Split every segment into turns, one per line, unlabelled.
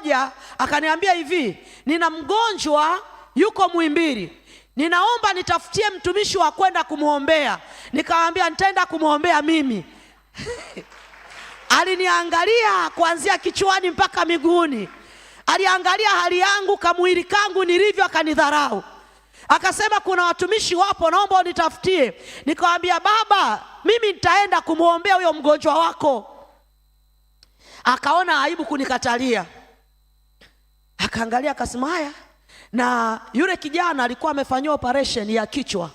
mmoja akaniambia hivi, nina mgonjwa yuko Muhimbili, ninaomba nitafutie mtumishi wa kwenda kumwombea. Nikamwambia nitaenda kumwombea mimi aliniangalia kuanzia kichwani mpaka miguuni, aliangalia hali yangu kamwili kangu nilivyo, akanidharau akasema kuna watumishi wapo, naomba unitafutie. Nikamwambia baba, mimi nitaenda kumwombea huyo mgonjwa wako. Akaona aibu kunikatalia. Akaangalia akasema haya, na yule kijana alikuwa amefanyiwa operation ya kichwa,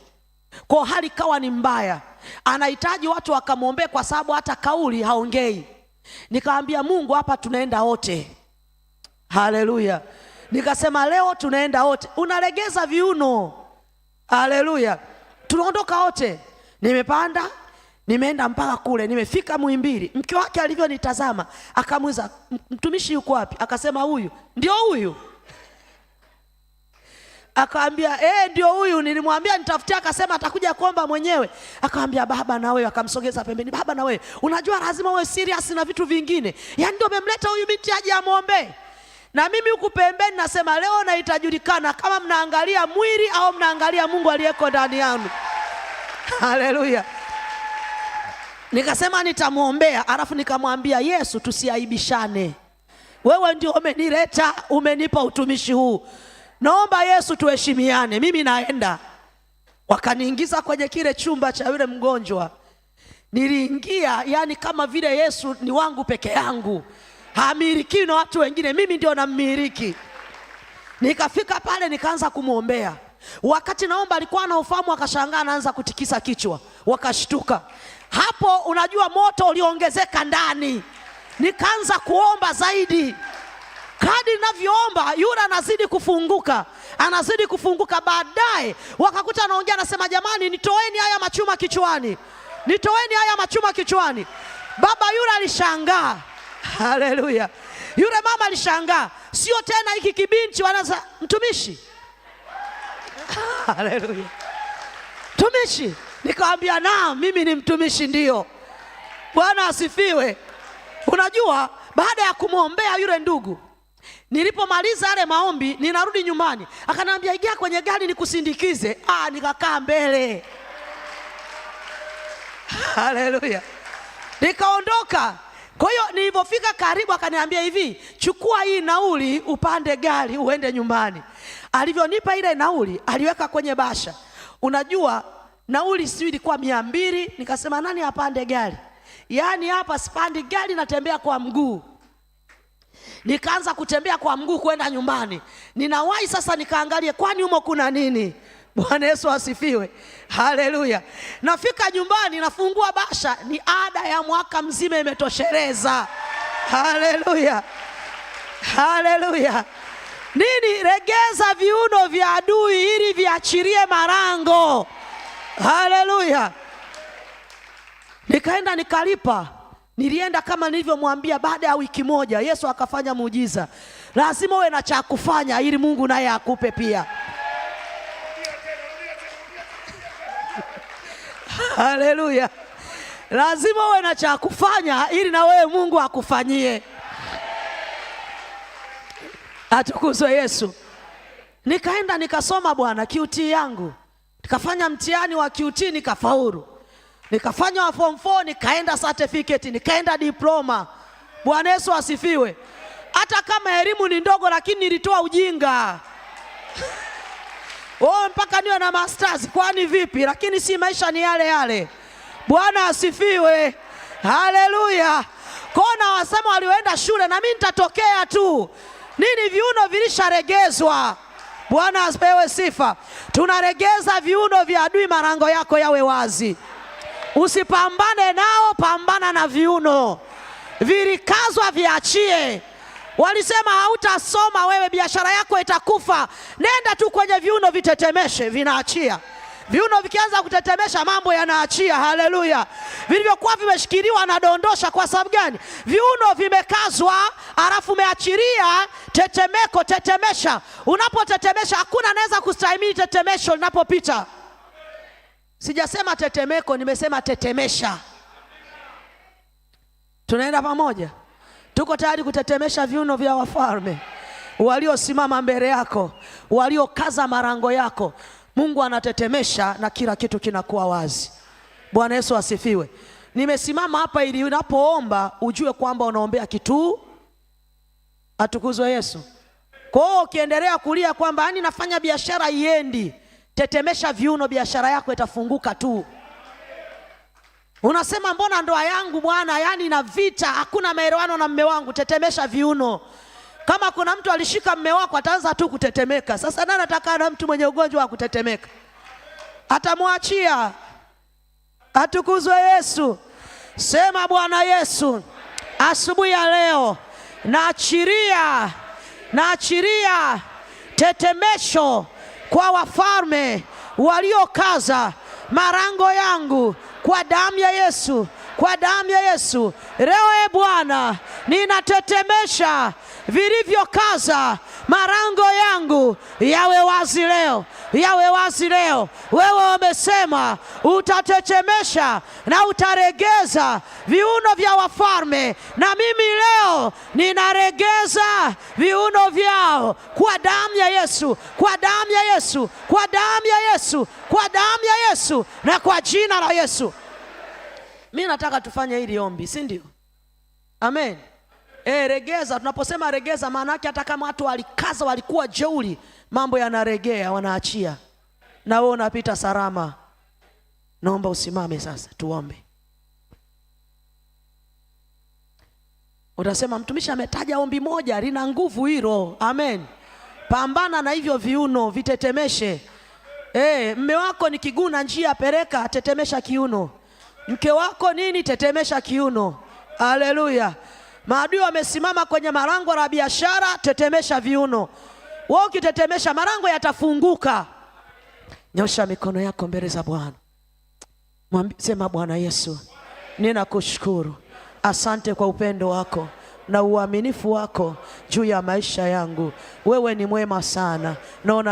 kwa hali kawa ni mbaya, anahitaji watu wakamwombee, kwa sababu hata kauli haongei. Nikaambia Mungu, hapa tunaenda wote. Haleluya! Nikasema leo tunaenda wote, unalegeza viuno. Haleluya! Tunaondoka wote, nimepanda Nimeenda mpaka kule, nimefika Muhimbili, mke wake alivyonitazama akamuuliza, mtumishi yuko wapi? Akasema huyu ndio huyu. Akaambia eh, ndio huyu, nilimwambia nitafutia, akasema atakuja kuomba mwenyewe. Akamwambia baba na wewe, akamsogeza pembeni. Baba na wewe, unajua lazima wewe serious na vitu vingine, yaani ndio umemleta huyu binti aje amwombee na mimi huku pembeni nasema leo na itajulikana kama mnaangalia mwili au mnaangalia Mungu aliyeko ndani yanu. Haleluya! Nikasema nitamwombea, alafu nikamwambia Yesu, tusiaibishane, wewe ndio umenileta, umenipa utumishi huu, naomba Yesu tuheshimiane, mimi naenda. Wakaniingiza kwenye kile chumba cha yule mgonjwa, niliingia yani kama vile Yesu ni wangu peke yangu, hamilikiwi na watu wengine, mimi ndio namiliki. Nikafika pale nikaanza kumwombea Wakati naomba alikuwa na ufahamu, akashangaa, anaanza kutikisa kichwa, wakashtuka hapo unajua moto uliongezeka ndani, nikaanza kuomba zaidi. Kadi ninavyoomba yule anazidi kufunguka, anazidi kufunguka. Baadaye wakakuta anaongea, anasema jamani, nitoeni haya machuma kichwani, nitoeni haya machuma kichwani. Baba yule alishangaa, haleluya. Yule mama alishangaa, sio tena hiki kibinti, wanaza mtumishi, haleluya, mtumishi Nikamwambia na mimi ni mtumishi ndio. Bwana asifiwe. Unajua, baada ya kumwombea yule ndugu, nilipomaliza yale maombi, ninarudi nyumbani, akaniambia ingia kwenye gari nikusindikize. Ah, nikakaa mbele. Haleluya, nikaondoka. Kwa hiyo nilipofika karibu, akaniambia hivi, chukua hii nauli upande gari uende nyumbani. Alivyonipa ile nauli, aliweka kwenye basha. Unajua nauli sijui ilikuwa mia mbili. Nikasema nani apande gari? Yaani hapa sipandi gari, natembea kwa mguu. Nikaanza kutembea kwa mguu kwenda nyumbani, ninawahi sasa, nikaangalie kwani humo kuna nini? Bwana Yesu asifiwe, haleluya. Nafika nyumbani, nafungua basha, ni ada ya mwaka mzima imetosheleza. Haleluya, haleluya. Nini? Regeza viuno vya adui ili viachirie marango. Haleluya! Nikaenda nikalipa, nilienda kama nilivyomwambia. Baada ya wiki moja, Yesu akafanya muujiza. Lazima uwe na cha kufanya ili Mungu naye akupe pia. Haleluya! Lazima uwe na cha kufanya ili na wewe Mungu akufanyie. Atukuzwe Yesu. Nikaenda nikasoma bwana QT yangu nikafanya mtihani wa QT nikafaulu, nikafanya wa form 4 nikaenda certificate, nikaenda diploma. Bwana Yesu asifiwe. Hata kama elimu ni ndogo, lakini nilitoa ujinga oh, mpaka niwe na masters, kwani vipi? Lakini si maisha ni yale yale. Bwana asifiwe, haleluya. Kona wasema walioenda shule, na mimi nitatokea tu nini, viuno vilisharegezwa. Bwana asipewe sifa. Tunaregeza viuno vya adui, marango yako yawe wazi. Usipambane nao, pambana na viuno. Vilikazwa viachie. Walisema hautasoma wewe, biashara yako itakufa. Nenda tu kwenye viuno, vitetemeshe, vinaachia. Viuno vikianza kutetemesha, mambo yanaachia. Haleluya! vilivyokuwa vimeshikiliwa nadondosha Kwa sababu gani? Viuno vimekazwa, alafu umeachiria tetemeko. Tetemesha, unapotetemesha hakuna anaweza kustahimili tetemesho linapopita. Sijasema tetemeko, nimesema tetemesha. Tunaenda pamoja? Tuko tayari kutetemesha viuno vya wafalme waliosimama mbele yako, waliokaza marango yako Mungu anatetemesha na kila kitu kinakuwa wazi. Bwana Yesu asifiwe. Nimesimama hapa ili unapoomba ujue kwamba unaombea kitu. Atukuzwe Yesu. Kwa hiyo ukiendelea kulia kwamba ani nafanya biashara iendi, tetemesha viuno, biashara yako itafunguka tu. Unasema mbona ndoa yangu bwana, yani na vita, hakuna maelewano na mme wangu, tetemesha viuno. Kama kuna mtu alishika mme wako ataanza tu kutetemeka. Sasa nani nataka na mtu mwenye ugonjwa wa kutetemeka? Atamwachia. Atukuzwe Yesu. Sema Bwana Yesu, asubuhi ya leo naachiria, naachiria tetemesho kwa wafalme waliokaza marango yangu kwa damu ya Yesu kwa damu ya Yesu. Leo e Bwana, ninatetemesha vilivyokaza marango yangu, yawe wazi leo, yawe wazi leo. Wewe umesema utatetemesha na utaregeza viuno vya wafalme, na mimi leo ninaregeza viuno vyao kwa damu ya Yesu, kwa damu ya Yesu, kwa damu ya Yesu, kwa damu ya Yesu na kwa jina la Yesu mi nataka tufanye hili ombi, si ndio? Amen. E, regeza. Tunaposema regeza, maana yake hata kama watu walikaza, walikuwa jeuri, mambo yanaregea, wanaachia na wewe unapita salama. Naomba usimame sasa, tuombe. Utasema mtumishi ametaja ombi moja, lina nguvu hilo. Amen. Pambana na hivyo viuno vitetemeshe. E, mme wako ni kiguu na njia, pereka tetemesha kiuno mke wako nini, tetemesha kiuno. Haleluya! maadui wamesimama kwenye marango la biashara, tetemesha viuno. Wewe ukitetemesha marango yatafunguka. Nyosha mikono yako mbele za Bwana, mwambie, sema Bwana Yesu, ninakushukuru, asante kwa upendo wako na uaminifu wako juu ya maisha yangu. Wewe ni mwema sana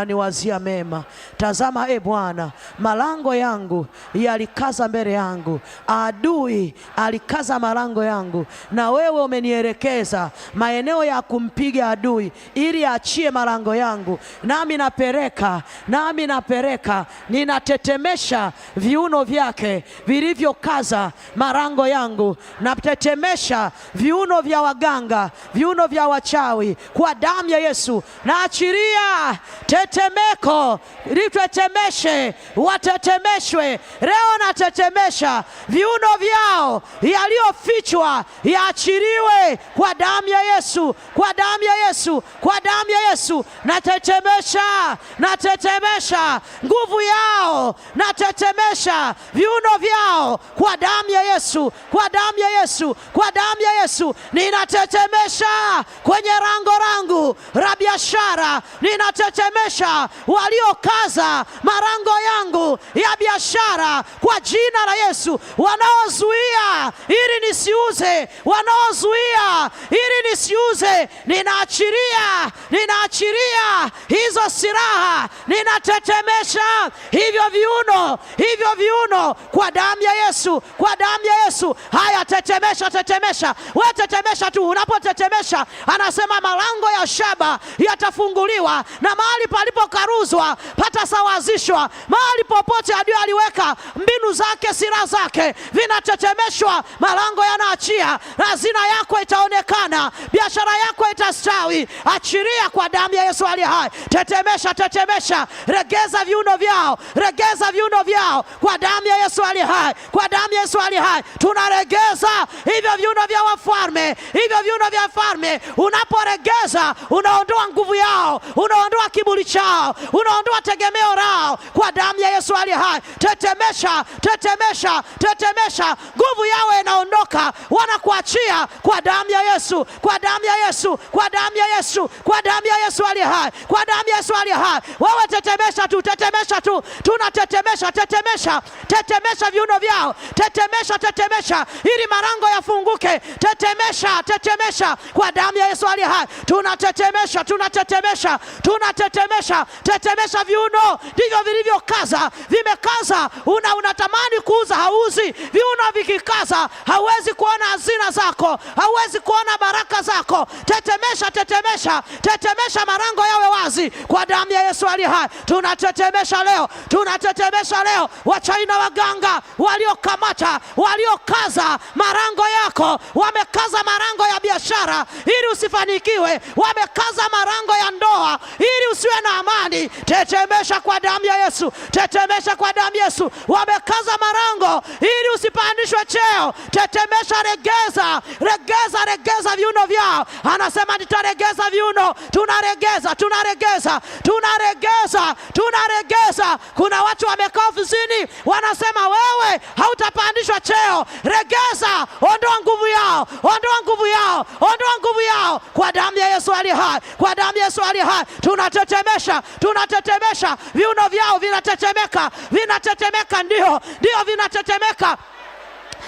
ni wazia mema. Tazama e Bwana, malango yangu yalikaza mbele yangu, adui alikaza malango yangu, na wewe umenielekeza maeneo ya kumpiga adui ili achie malango yangu. Nami napereka, nami napereka, ninatetemesha viuno vyake vilivyokaza malango yangu, natetemesha viuno vya waganga, viuno vya wachawi, kwa damu ya Yesu naachiria tetemeko litetemeshe, watetemeshwe leo. Natetemesha viuno vyao yaliyofichwa, yaachiriwe kwa damu ya Yesu, kwa damu ya Yesu, kwa damu ya Yesu. Natetemesha, natetemesha nguvu yao, natetemesha viuno vyao kwa damu ya Yesu, kwa damu ya Yesu, kwa damu ya Yesu nina ninatetemesha kwenye rango rangu la biashara, ninatetemesha waliokaza marango yangu ya biashara kwa jina la Yesu, wanaozuia ili nisiuze, wanaozuia ili nisiuze, ninaachiria ninaachiria hizo silaha, ninatetemesha hivyo viuno, hivyo viuno kwa damu ya Yesu, kwa damu ya Yesu. Haya, tetemesha, tetemesha, we tetemesha tu mtu unapotetemesha, anasema malango ya shaba yatafunguliwa na mahali palipokaruzwa pata sawa vinasawazishwa mahali popote. Adui aliweka mbinu zake, silaha zake vinatetemeshwa, malango yanaachia, hazina yako itaonekana, biashara yako itastawi. Achiria kwa damu ya Yesu aliye hai, tetemesha, tetemesha, regeza viuno vyao, regeza viuno vyao kwa damu ya Yesu aliye hai, kwa damu ya Yesu aliye hai, tunaregeza hivyo viuno vya wafalme, hivyo viuno vya wafalme. Unaporegeza unaondoa nguvu yao, unaondoa kiburi chao, unaondoa tegemeo lao nao kwa damu ya Yesu ali hai. Tetemesha, tetemesha, tetemesha! Nguvu yao inaondoka, wanakuachia kwa damu ya Yesu, kwa damu ya Yesu, kwa damu ya Yesu, kwa damu ya Yesu ali hai, kwa damu ya Yesu ali hai. Wewe tetemesha tu, tetemesha tu, tunatetemesha, tetemesha, tetemesha viuno vyao, tetemesha, tetemesha ili marango yafunguke, tetemesha, tetemesha kwa damu ya Yesu ali hai. Tunatetemesha, tunatetemesha, tunatetemesha, tetemesha viuno vinywa vilivyokaza vimekaza, una unatamani kuuza hauzi. Viuno vikikaza hauwezi kuona hazina zako, hauwezi kuona baraka zako. Tetemesha, tetemesha, tetemesha, marango yawe wazi kwa damu ya Yesu aliye hai. Tunatetemesha leo, tunatetemesha leo. Wachaina waganga waliokamata, waliokaza marango yako, wamekaza marango ya biashara ili usifanikiwe, wamekaza marango ya ndoa ili usiwe na amani. Tetemesha kwa damu damu ya Yesu, tetemesha kwa damu ya Yesu. Wamekaza marango ili usipandishwe cheo, tetemesha, regeza, regeza, regeza viuno vyao. Anasema nitaregeza viuno. Tunaregeza, tunaregeza, tunaregeza, tunaregeza. Kuna watu wamekaa ofisini, wanasema wewe hautapandishwa cheo. Regeza, ondoa nguvu yao, ondoa nguvu yao, ondoa nguvu yao kwa damu ya Yesu ali hai, kwa damu ya Yesu ali hai. Tunatetemesha, tunatetemesha viuno Viuno vyao vinatetemeka, vinatetemeka, ndio, ndio vinatetemeka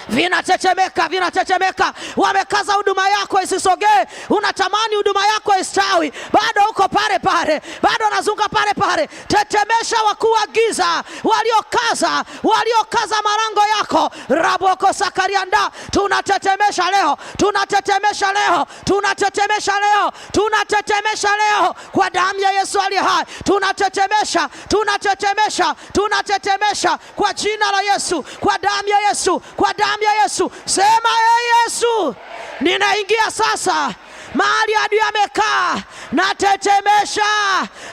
vinatetemeka vinatetemeka. Wamekaza huduma yako isisogee, unatamani huduma yako istawi, bado uko pale pale, bado unazunguka pale pale. Tetemesha wakuu wa giza waliokaza, waliokaza malango yako. raboko sakarianda, tunatetemesha leo, tunatetemesha leo, tunatetemesha leo, tunatetemesha leo kwa damu Yesu ali hai, tunatetemesha, tunatetemesha, tunatetemesha kwa jina la Yesu, kwa damu ya Yesu, kwa damu ya Yesu. Sema ee Yesu, ninaingia sasa mahali adui amekaa, natetemesha,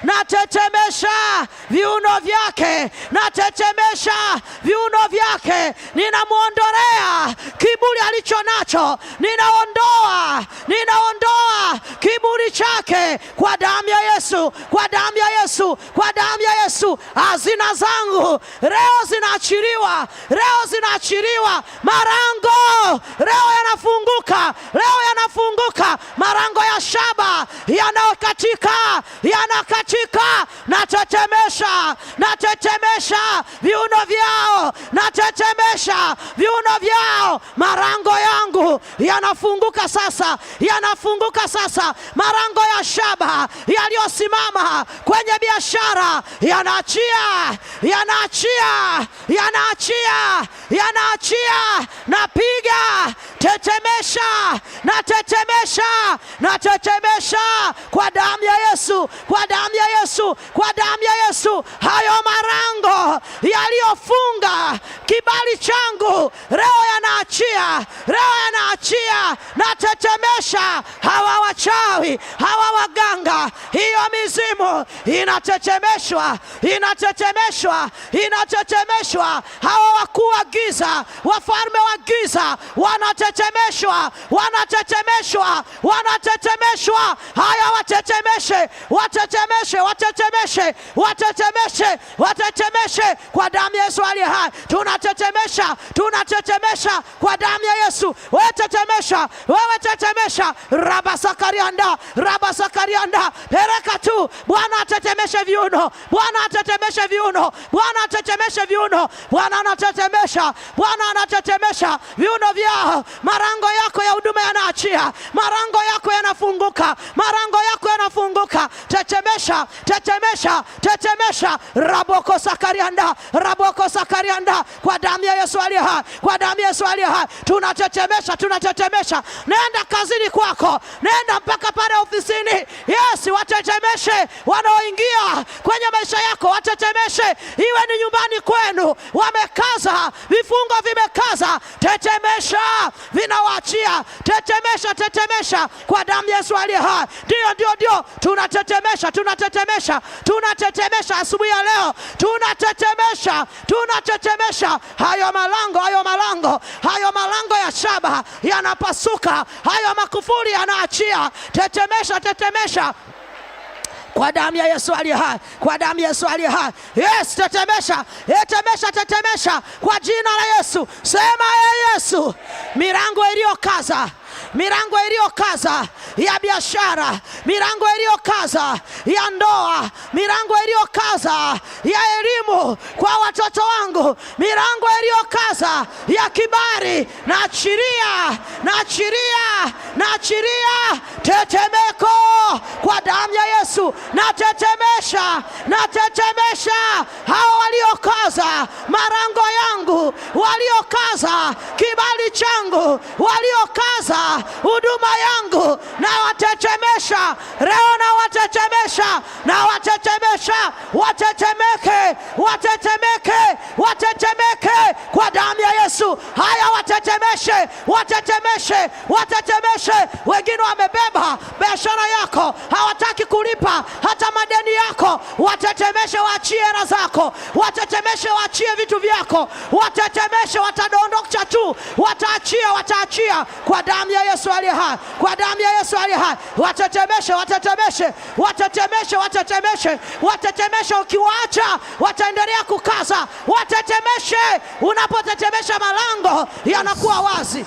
natetemesha viuno vyake, natetemesha viuno vyake, ninamwondolea kiburi alicho nacho, ninaondoa, ninaondoa kiburi chake kwa damu ya Yesu, kwa damu ya Yesu, kwa damu ya Yesu. Hazina zangu leo zinaachiliwa, leo zinaachiliwa, marango leo yanafunguka, leo yanafunguka marango ya shaba yanakatika, yanakatika, natetemesha, natetemesha viuno vyao, natetemesha viuno vyao. Marango yangu yanafunguka sasa, yanafunguka sasa, marango ya shaba yaliyosimama kwenye biashara yanaachia, yanaachia, yanaachia, yanaachia. Napiga, tetemesha, natetemesha, natetemesha kwa damu ya Yesu, kwa damu ya Yesu, kwa damu ya Yesu. Hayo marango yaliyofunga kibali changu leo yanaachia, leo yanaachia, natetemesha. Hawa wachawi hawa anga, hiyo mizimu inachechemeshwa, inachechemeshwa, inachechemeshwa. Hawa wakuu wa giza, wafalme wa giza wanachechemeshwa, wanachechemeshwa, wanachechemeshwa. Haya, wachechemeshe, wachechemeshe, wachechemeshe, wachechemeshe, wachechemeshe kwa damu ya Yesu aliye hai. Tunachechemesha, tunachechemesha kwa damu ya Yesu. Wewe chechemesha, wewe chechemesha, raba sakarianda, raba sakarianda unakokwenda, pereka tu. Bwana atetemeshe viuno, Bwana atetemeshe viuno, Bwana atetemeshe viuno, Bwana anatetemesha, Bwana anatetemesha viuno vyao. Marango yako ya huduma yanaachia, marango yako yanafunguka, marango yako yanafunguka. Tetemesha, tetemesha, tetemesha, raboko sakarianda, raboko sakarianda, kwa damu ya Yesu aliye hai, kwa damu ya Yesu aliye hai, tunatetemesha, tunatetemesha. Nenda kazini kwako, nenda mpaka pale ofisini. Yes, watetemeshe wanaoingia kwenye maisha yako, watetemeshe. Iwe ni nyumbani kwenu, wamekaza, vifungo vimekaza, tetemesha, vinawaachia, tetemesha, tetemesha kwa damu Yesu aliye hai. Ndio, ndio, ndio, tunatetemesha, tunatetemesha, tunatetemesha asubuhi ya leo, tunatetemesha, tunatetemesha hayo malango, hayo malango, hayo malango ya shaba yanapasuka, hayo makufuri yanaachia. Tetemesha, tetemesha kwa damu ya Yesu aliye hai, kwa damu ya Yesu aliye hai. Yes, tetemesha, tetemesha, tetemesha kwa jina la Yesu. Sema ye ee Yesu, milango iliyokaza milango iliyokaza ya biashara, milango iliyokaza ya ndoa, milango iliyokaza ya elimu kwa watoto wangu, milango iliyokaza ya kibali, na chiria na achiria na chiria tetemeko kwa damu ya Yesu, natetemesha natetemesha hao waliokaza marango yangu, waliokaza kibali changu, waliokaza huduma yangu, nawatetemesha leo, nawatetemesha, nawatetemesha, watetemeke, watetemeke, watetemeke kwa damu ya Yesu. Haya, watetemeshe, watetemeshe, watetemeshe. Wengine wamebeba biashara yako, hawataki kulipa hata madeni yako, watetemeshe, waachie hela zako, watetemeshe, waachie vitu vyako, watetemeshe, watadondoka tu, wataachia, wataachia kwa damu ya Yesu. Yesu aliye hai, kwa damu ya Yesu aliye hai. Watetemeshe, watetemeshe, watetemeshe, watetemeshe, watetemeshe. Ukiwaacha wataendelea kukaza, watetemeshe. Unapotetemesha malango yanakuwa wazi.